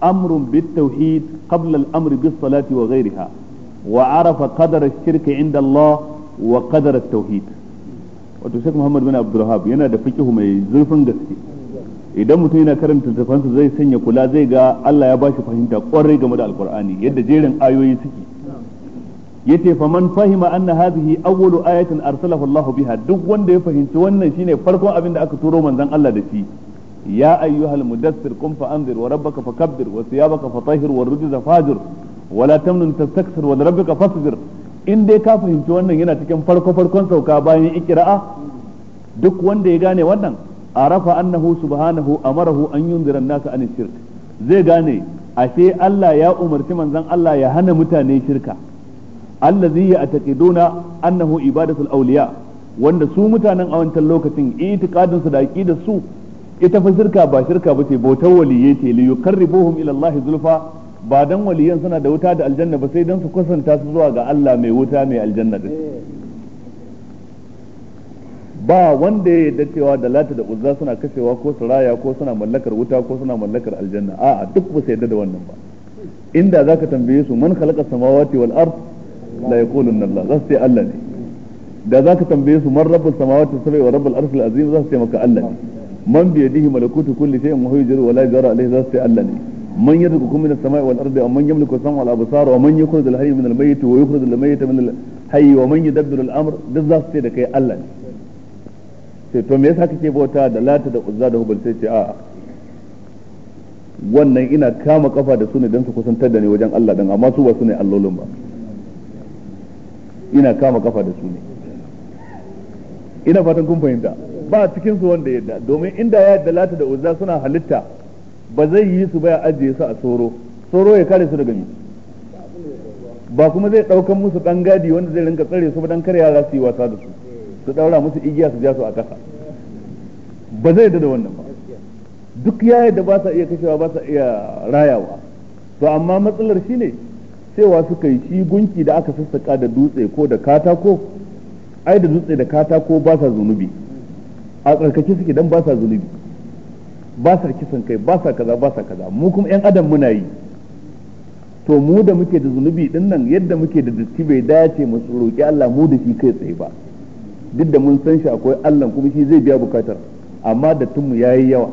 أمر بالتوحيد قبل الأمر بالصلاة وغيرها وعرف قدر الشرك عند الله وقدر التوحيد wato Sheikh Muhammad bin Abdul Wahab yana da fikihu mai zurfin gaske idan mutum yana karanta littafansa zai sanya kula zai ga Allah ya ba shi fahimta kwarai game da Alkur'ani yadda jerin ayoyi suke yace fa man fahima anna hadhihi awwalu ayatin arsalahu Allah biha duk wanda ya fahimci wannan shine farkon abin da aka turo manzon Allah da shi ya ayyuhal mudaththir qum anzir wa rabbaka fakabbir wa thiyabaka fatahhir wa rujza fajir wa la tamnun tastakthir fasbir in dai ka fahimci wannan yana cikin farko farkon sauka bayan ikira'a duk wanda ya gane wannan arafa annahu subhanahu amarahu an yunzira an-nasa an shirk zai gane ashe Allah ya umarci manzan Allah ya hana mutane shirka allazi ya ataqiduna annahu ibadatul awliya wanda su mutanen a wancan lokacin itiqadin su da aqidar su ita fa shirka ba shirka bace bautar waliyai ce li yuqarribuhum ila Allah zulfa ba dan waliyan suna da wuta da aljanna ba sai dan su kusanta su zuwa ga Allah mai wuta mai aljanna din ba wanda ya yarda cewa da lata da uzza suna kashewa ko suraya ko suna mallakar wuta ko suna mallakar aljanna a'a duk ba su yarda da wannan ba inda zaka tambaye su man khalaqa samawati wal ard la yaqulunna Allah za su ce Allah ne da zaka tambaye su man rabbus samawati wa rabbul arshil azim za su ce maka Allah ne man bi yadihi malakutu kulli shay'in wa huwa yajru wa la yajru alayhi za su Allah ne man yarzuqukum min as-sama'i wal ardi man yamliku as-sam'a wal absara wa man al-hayy min al-mayyit wa al mayyita min al-hayy wa man yudabbiru al-amr duk za su sai da kai Allah ne sai to me yasa kake bauta da lata da uzza da hubal sai ce a'a wannan ina kama kafa da su ne don su kusantar da ni wajen Allah dan amma su ba su ne allolin ba ina kama kafa da su ne ina fatan kun fahimta ba cikin su wanda yadda domin inda ya yadda lata da uzza suna halitta ba zai yi su ba ya ajiye su a tsoro tsoro ya kare su daga mi ba kuma zai daukan musu dan gadi wanda zai rinka tsare su ba dan kare yara su yi wasa da su su daura musu igiya su ja su a kasa ba zai yadda da wannan ba duk ya yadda ba sa iya kashewa ba sa iya rayawa to amma matsalar shine cewa suka yi shi gunki da aka sassaka da dutse ko da katako ai da dutse da katako ba sa zunubi a tsarkake suke dan ba sa zunubi ba sa kisan kai ba sa kaza ba sa kaza mu kuma yan adam muna yi to mu da muke da zunubi din nan yadda muke da datti bai dace mu roƙi Allah mu da shi kai tsaye ba duk da mun san shi akwai Allah kuma shi zai biya bukatar amma dattin mu yayi yawa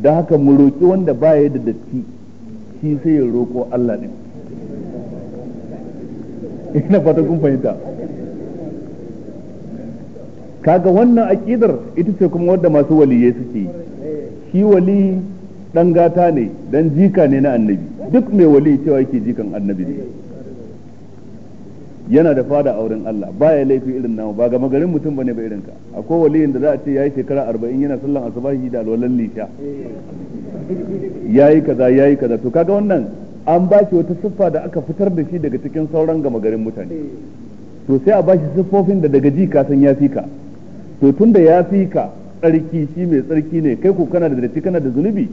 da haka mu roki wanda baya da datti shi sai ya roko Allah din ina fata kun fahimta kaga wannan aqidar ita ce kuma wanda masu waliyai suke shi wali dan gata ne dan jika ne na annabi duk mai wali cewa yake jikan annabi ne yana da fada a wurin Allah baya laifi irin namu ba ga magarin mutum bane ba irin ka akwai waliyin da za a ce yayi shekara 40 yana sallan asubahi da alwalan lisha yayi kaza yayi kaza to kaga wannan an ba shi wata siffa da aka fitar da shi daga cikin sauran gama garin mutane to sai a ba shi siffofin da daga ji san ya fi ka to da ya fi ka tsarki shi mai tsarki ne kai ko kana da datti kana da zunubi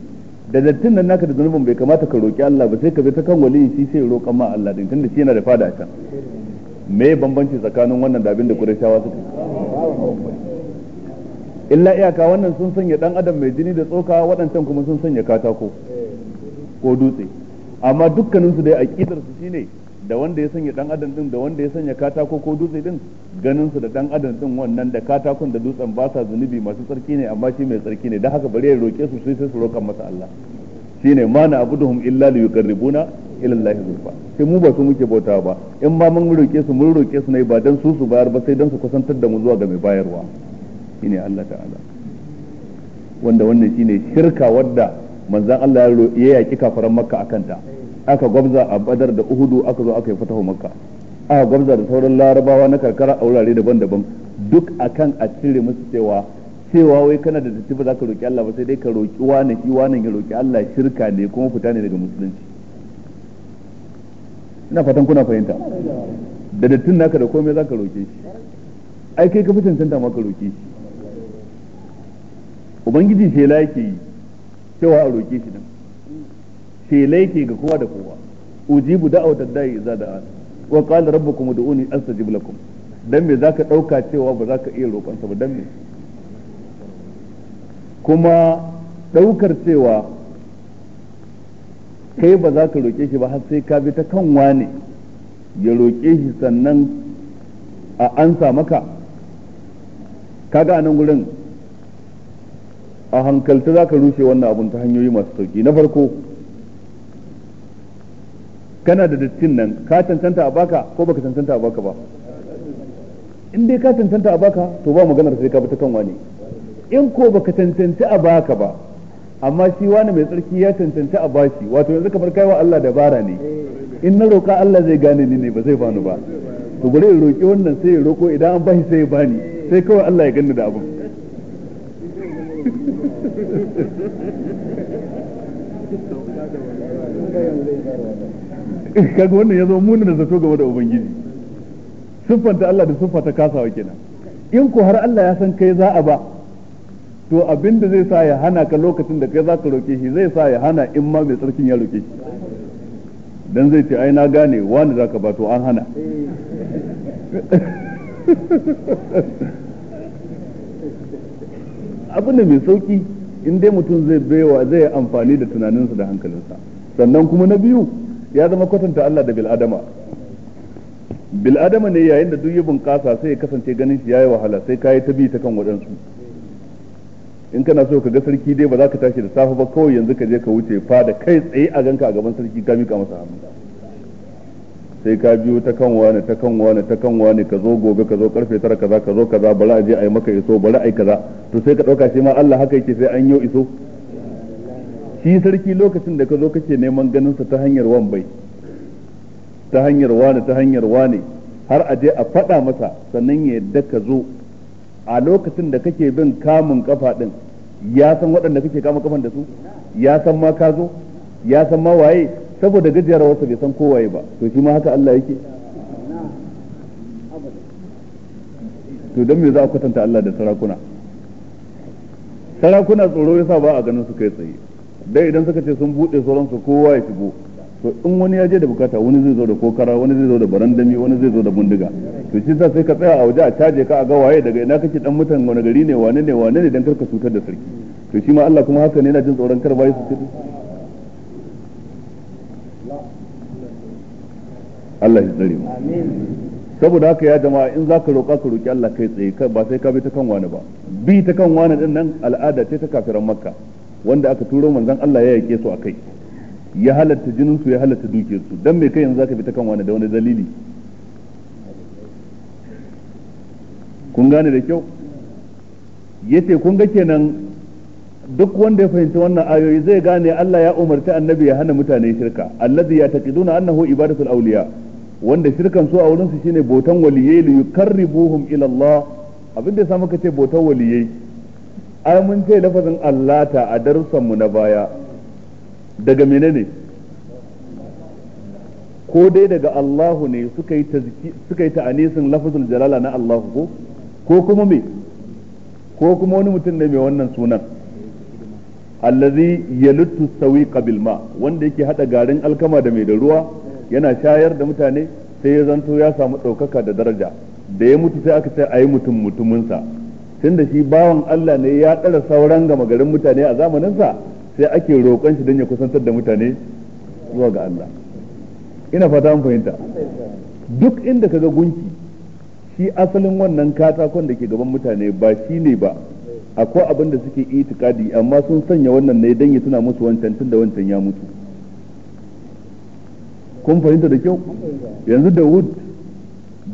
da dattin nan naka da zunubin bai kamata ka roki Allah ba sai ka bi ta kan waliyin shi sai roƙan ma Allah din tunda shi yana da fada can me bambanci tsakanin wannan da abin da Qurayshawa suka illa iyaka wannan sun sanya dan adam mai jini da tsoka waɗancan kuma sun sanya katako ko dutse amma dukkaninsu dai aqidar su shine da wanda ya sanya dan adam din da wanda ya sanya katako ko dutse din ganin su da dan adam din wannan da katakon da dutsen ba sa zunubi masu tsarki ne amma shi mai tsarki ne dan haka bare ya roke su sai su roƙa masa Allah shine ma na abuduhum illa li yuqarribuna ila Allah zulfa sai mu ba su muke bautawa ba in ma mun roke su mun roke su ne ba dan su su bayar ba sai dan su kusantar da mu zuwa ga mai bayarwa shine Allah ta'ala wanda wannan shine shirka wadda manzon Allah ya yaki kafaran makka akanta ta aka gwabza a badar da uhudu aka zo aka yi fatahu makka aka gwabza da sauran larabawa na karkara a wurare daban-daban duk akan a cire musu cewa cewa wai kana da tattifa za ka roƙi Allah ba sai dai ka roƙi wani shi wani ya roƙi Allah shirka ne kuma fita ne daga musulunci ina fatan kuna fahimta da dattin naka da komai za ka roƙe shi ai kai ka fi cancanta ma ka roƙe shi ubangiji shela yake yi cewa a roƙe shi din telai ke ga kowa da kowa ujibu da'awatad da'i idza da'an wa qala rabbukum ud'uni astajib lakum dan me zaka dauka cewa ba zaka iya roƙon sa ba dan me kuma daukar cewa kai ba za ka roƙe shi ba har sai ka bi ta kan wane ya roƙe shi sannan a ansa maka kaga a nan gurin a hankalta za ka rushe wannan abun ta hanyoyi masu sauki na farko kana da dattin nan ka cancanta a baka ko baka cancanta a baka ba in dai ka cancanta a baka to ba maganar sai ka bi ta kan wani in ko baka cancanci a baka ba amma shi wani mai tsarki ya cancanci a bashi wato yanzu kamar kai wa Allah dabara ne in na roƙa Allah zai gane ni ne ba zai bani ba to gure ya roƙi wannan sai ya roƙo idan an bashi sai ya bani sai kawai Allah ya ganni da abin Thank you. kaga wannan ya zo muna da zato game da ubangiji siffanta Allah da siffata kasawa kenan in ko har Allah ya san kai za a ba to abin da zai sa ya hana ka lokacin da kai za ka roke shi zai sa ya hana in ma mai tsarkin ya roke shi dan zai ce ai na gane wani za ka ba to an hana abin da mai sauki in dai mutum zai baiwa zai amfani da tunaninsa da hankalinsa sannan kuma na biyu ya zama kwatanta Allah da bil'adama adama bil adama ne yayin da duk ya bunƙasa sai ya kasance ganin shi yayi wahala sai kayi ta bi ta kan waɗansu in kana so ka ga sarki dai ba za ka tashi da safe ba kawai yanzu ka je ka wuce fa da kai tsaye a ganka a gaban sarki ka mika masa hannu sai ka biyo ta kan wani ta kan wani ta kan wani ka zo gobe ka zo karfe tara kaza ka zo kaza bari a je a yi maka iso bari a yi kaza to sai ka ɗauka shi ma Allah haka yake sai an yi iso shi sarki lokacin da ka zo kake neman ganin sa ta hanyar wan bai ta hanyar wane ta hanyar wane har a je a faɗa masa sannan ya yadda ka zo a lokacin da kake bin kamun kafa din ya san waɗanda kake kama kafan da su ya san ma ka zo ya san ma waye saboda gajiyar wasa bai san ko waye ba to shi ma haka Allah yake to don me za a kwatanta Allah da sarakuna sarakuna tsoro yasa ba a ganin su kai tsaye dai idan suka ce sun buɗe sauransu kowa ya shigo to in wani ya je da bukata wani zai zo da kokara wani zai zo da barandami wani zai zo da bindiga to shi sa sai ka tsaya a waje a caje ka a ga waye daga ina kake dan mutan wani gari ne wane ne wane ne dan karka cutar da sarki to shi ma Allah kuma haka ne yana jin tsoron kar bai su ci Allah ya tsare mu saboda haka ya jama'a in zaka roƙa ka roki Allah kai tsaye ba sai ka bi ta kan wani ba bi ta kan wani din nan al'ada ce ta kafiran makka wanda aka turo manzon Allah ya yake su akai ya halatta jinin su ya halatta dukiyar su dan me kai yanzu zaka fita kan wani da wani dalili kun gane da kyau yace kun ga kenan duk wanda ya fahimci wannan ayoyi zai gane Allah ya umarta annabi ya hana mutane shirka allazi yataqiduna annahu ibadatul awliya wanda shirkan su a wurin su shine botan waliyai li yuqarribuhum ila Allah abinda ya samu kace botan waliyai ai mun ce lafazin allata a darussanmu na baya daga menene ko dai daga Allahu ne suka yi suka yi ta'anisin jalala na Allahu ko ko kuma me ko kuma wani mutum ne mai wannan sunan allazi ya sawiqa bil ma wanda yake hada garin alkama da mai da ruwa yana shayar da mutane sai ya zanto ya samu ɗaukaka da daraja da ya mutu sai aka ce ayi mutum mutuminsa tunda shi bawan Allah ne ya tsara sauran gama garin mutane a zamaninsa sai ake roƙon shi don ya kusantar da mutane zuwa ga Allah ina fata an fahimta duk inda ka ga gunki shi asalin wannan katakon da ke gaban mutane ba shi ne ba akwai abin da suke itikadi amma sun sanya wannan ne don ya tuna musu wancan tun da wancan ya mutu kun fahimta da kyau yanzu da wud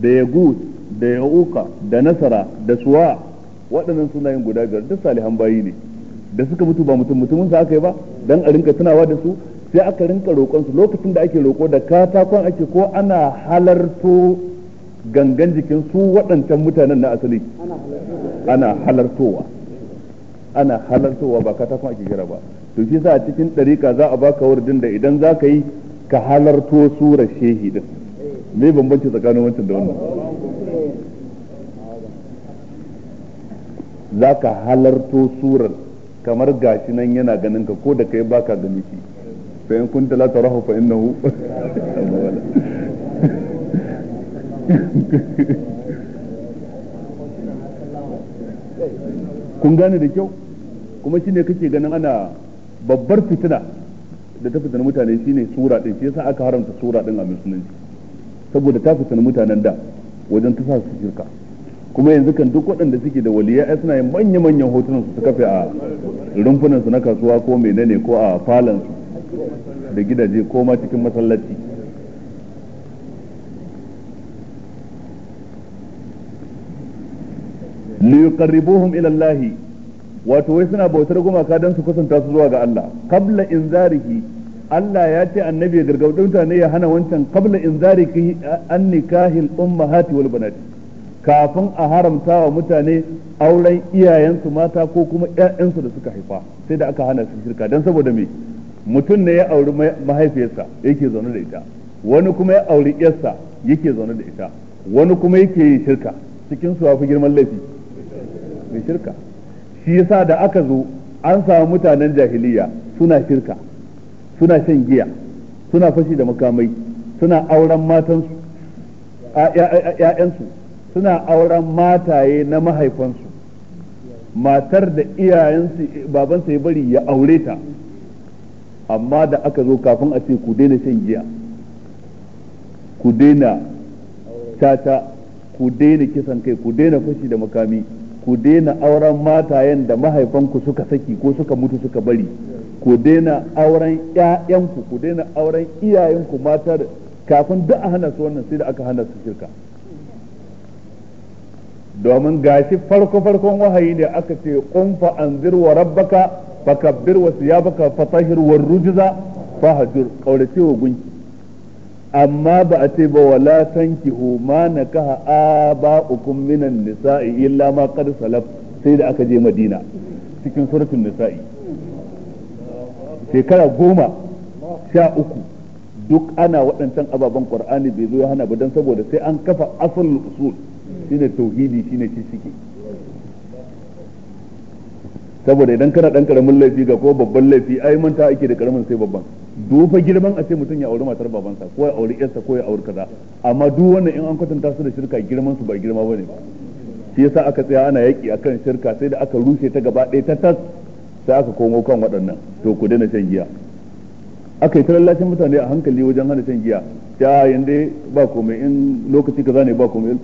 da yagut da yauka da nasara da suwa waɗannan sunayen guda biyar duk salihan bayi ne da suka mutu ba mutum mutumin sa aka yi ba dan a rinka tunawa da su sai aka rinka roƙon su lokacin da ake roƙo da katakon ake ko ana halarto gangan jikin su waɗancan mutanen na asali ana halartowa ana halartowa ba katakon ake kira ba to shi sa a cikin ɗarika za a baka wurin da idan za ka yi ka halarto surar shehi din me bambanci tsakanin wancan da wannan za ka halarto surar kamar gashi nan yana ganin ka ko da kai baka gani shi fa in kunta la tarahu fa innahu kun gane da kyau kuma shine kake ganin ana babbar fitina da ta fitina mutane shine sura din shi yasa aka haramta sura din a musulunci saboda ta fitina mutanen da wajen ta sa su shirka kuma yanzu kan duk waɗanda suke da waliya ai suna yin manya-manyan hotunan su kafe a rumfunan su na kasuwa ko menene ko a falon su da gidaje ko ma cikin masallaci li yuqarribuhum ila Allah wato wai suna bautar gumaka don su kusanta su zuwa ga Allah qabla inzarihi Allah ya ce annabi ya gargaɗa mutane ya hana wancan qabla inzarihi an nikahil ummahati wal banati kafin a haramta wa mutane auren iyayensu mata ko kuma ƴaƴansu da suka haifa sai da aka hana su shirka don saboda me mutum ne ya auri mahaifiyarsa yake zaune da ita wani kuma ya auri yarsa yake zaune da ita wani kuma yake yin shirka cikin su fi girman laifi mai shirka shi yasa da aka zo an samu mutanen jahiliya suna shirka suna shan giya suna fashi da makamai suna auren matansu ‘ya'yansu suna auren mataye na mahaifansu matar da iyayensu babansa ya bari ya aure ta amma da aka zo kafin a ce ku daina shan giya ku daina tata ku daina kisan kai ku daina fashi da makami ku daina auren matayen da mahaifanku suka saki ko suka mutu suka bari ku daina auren ƴaƴanku ku daina auren iyayenku matar kafin duk a hana su wannan sai da aka hana su shirka domin gashi farko farkon wahayi ne aka ce kunfa an zirwa rabbaka fakabbir wa siyabaka fatahir wa rujza fahjur kaurace wa gunki amma ba a ce ba wala tankihu ma nakaha aba'ukum minan nisa'i illa ma qad salaf sai da aka je madina cikin suratul nisa'i shekara goma sha uku duk ana waɗancan ababen qur'ani bai zo ya hana ba don saboda sai an kafa asalin usul shine tauhidi shine shishike saboda idan kana dan karamin laifi ga ko babban laifi ai manta ake da karamin sai babban dofa girman a ce mutum ya auri matar babansa ko ya auri yarsa ko ya auri kaza amma duk wannan in an kwatanta su da shirka girman su ba girma bane shi yasa aka tsaya ana yaki akan shirka sai da aka rushe ta gaba ɗaya ta tas sai aka komo kan waɗannan to ku daina shan giya aka yi talallashin mutane a hankali wajen hana shan giya ta yanda ba komai in lokaci kaza ne ba komai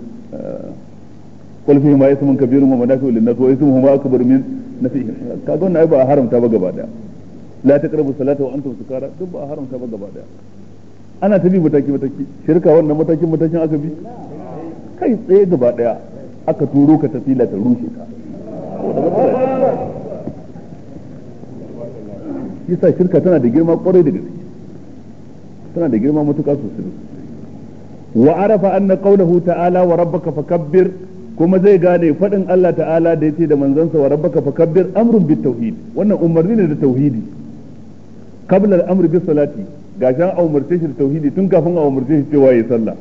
qul fihi ma ismun kabirun wa manafi'u lin-nas wa ismuhuma akbaru min nafi'ihim kaga wannan ai ba haramta ba gaba daya la taqrabu salata wa antum sukara duk ba haramta ba gaba daya ana ta bi mataki mataki shirka wannan matakin matakin aka bi kai tsaye gaba daya aka turo ka tafila ta rushe ka yasa shirka tana da girma kwarai da gaske tana da girma matuƙa sosai wa arafa anna qawluhu ta'ala wa rabbaka fakabbir kuma zai gane fadin Allah ta'ala da yace da manzansa wa rabbaka fakabbir amrun bit tauhid wannan umarni ne da tauhidi kabla al-amr bis salati gashi an umarce shi tauhidi tun kafin a umarce shi cewa ya sallah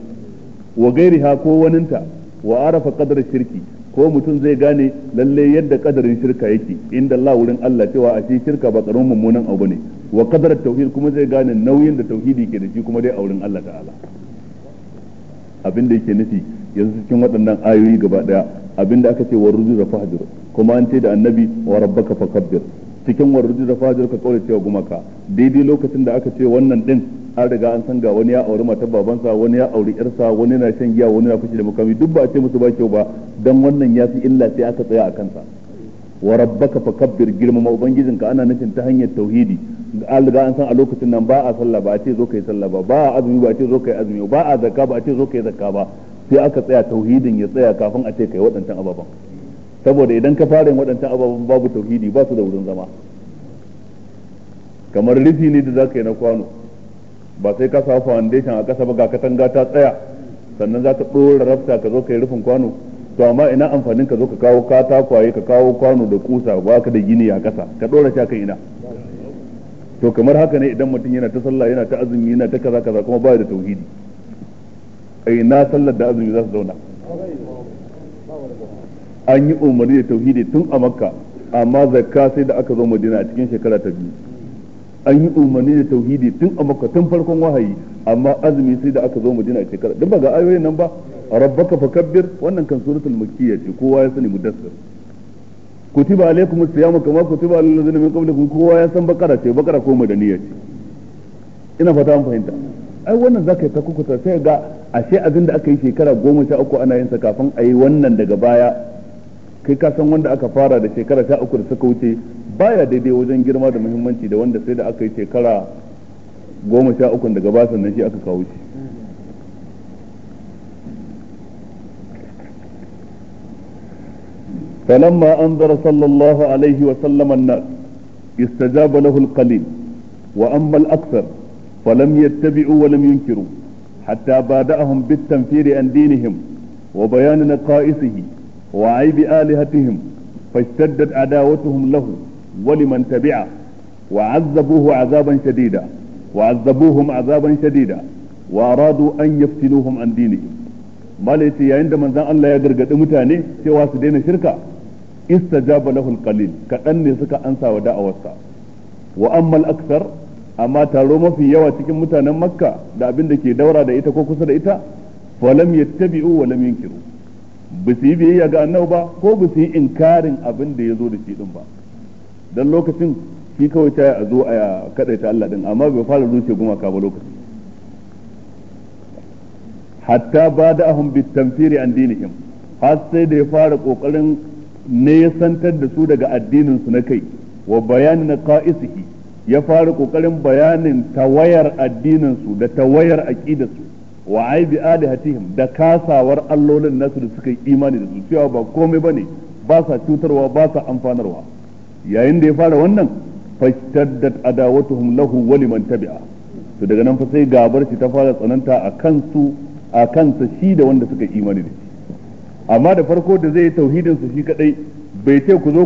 wa gairiha ko waninta wa arafa shirki ko mutum zai gane lalle yadda kadarin shirka yake inda Allah wurin Allah cewa a shi shirka ba karamin mummunan abu ne wa qadar tauhid kuma zai gane nauyin da tauhidi ke da shi kuma dai a wurin Allah ta'ala abin da yake nufi yanzu cikin waɗannan ayoyi gaba ɗaya abin da aka ce wa rujuza fahjur kuma an ce da annabi wa rabbaka fakabbir cikin wa rujuza fahjur ka kaurace wa gumaka daidai lokacin da aka ce wannan din an riga an san ga wani ya auri matar babansa wani ya auri yarsa wani na shan giya wani na fushi da mukami duk ba a ce musu ba kyau ba dan wannan ya fi illa sai aka tsaya a kansa wa rabbaka fakabbir girmama ubangijinka ana nufin ta hanyar tauhidi alga an san a lokacin nan ba a sallah ba a ce zo kai sallah ba ba a azumi ba a ce zo kai azumi ba a zakka ba a ce zo kai zakka ba sai aka tsaya tauhidin ya tsaya kafin a ce kai waɗancan ababen saboda idan ka fara yin waɗancan ababen babu tauhidi ba su da wurin zama kamar rufi ne da zaka yi na kwano ba sai ka samu foundation a ƙasa ba ga katanga ta tsaya sannan za ka ɗora rafta ka zo kai rufin kwano to amma ina amfanin ka zo ka kawo katakwaye ka kawo kwano da kusa ba ka da gini a ƙasa ka ɗora shi kan ina to kamar haka ne idan mutum yana ta sallah yana ta azumi yana ta kaza kaza kuma baya da tauhidi ai na sallar da azumi za su zauna an yi umarni da tauhidi tun a makka amma zakka sai da aka zo madina a cikin shekara ta biyu an yi umarni da tauhidi tun a makka tun farkon wahayi amma azumi sai da aka zo madina a shekara duk ba ga ayoyin nan ba rabbaka fakabbir wannan kan suratul makkiyya ce kowa ya sani mudassir kutiba alaikum as-siyam kama kutiba lil ladina min qablikum kowa ya san bakara ce bakara ko madaniya ce ina fata an fahimta ai wannan zakai ta kukuta sai ga ashe abin da aka yi shekara goma sha uku ana yin sa kafin a yi wannan daga baya kai ka san wanda aka fara da shekara sha uku da suka wuce baya daidai wajen girma da muhimmanci da wanda sai da aka yi shekara goma sha uku daga basan sannan shi aka kawo shi فلما أنذر صلى الله عليه وسلم الناس استجاب له القليل وأما الأكثر فلم يتبعوا ولم ينكروا حتى بادأهم بالتنفير عن دينهم وبيان نقائصه وعيب آلهتهم فاشتدت عداوتهم له ولمن تبعه وعذبوه عذابا شديدا وعذبوهم عذابا شديدا وأرادوا أن يفتنوهم عن دينهم ما ليتي عند من ذا الله يقرق متاني سوى سدين شركه istajaba lahul qalil kadan ne suka ansa wa da'awarsa wa ammal akthar amma taro mafi yawa cikin mutanen makka da abin da ke daura da ita ko kusa da ita fa falam yattabi'u wa lam yunkiru ba su yi biyayya ga annabi ba ko ba su yi inkarin abin da ya zo da shi din ba dan lokacin shi kawai ta a zo a kadaita Allah din amma bai fara zuce gumaka ba lokacin hatta bada'ahum bitamfiri an dinihim har sai da ya fara kokarin ne ya santar da su daga addinin su na kai wa bayani na qa'isihi ya fara kokarin bayanin tawayar addinin su da tawayar aqidar su wa aibi alihatihim da kasawar allolin nasu da suka yi imani da su cewa ba komai bane ba sa cutarwa ba sa amfanarwa yayin da ya fara wannan fashtaddat adawatuhum lahu wa liman tabi'a to daga nan fa sai gabar shi ta fara tsananta a kansu a kansa shi da wanda suka imani da shi amma da farko da zai yi tauhidin su shi kadai bai ce ku zo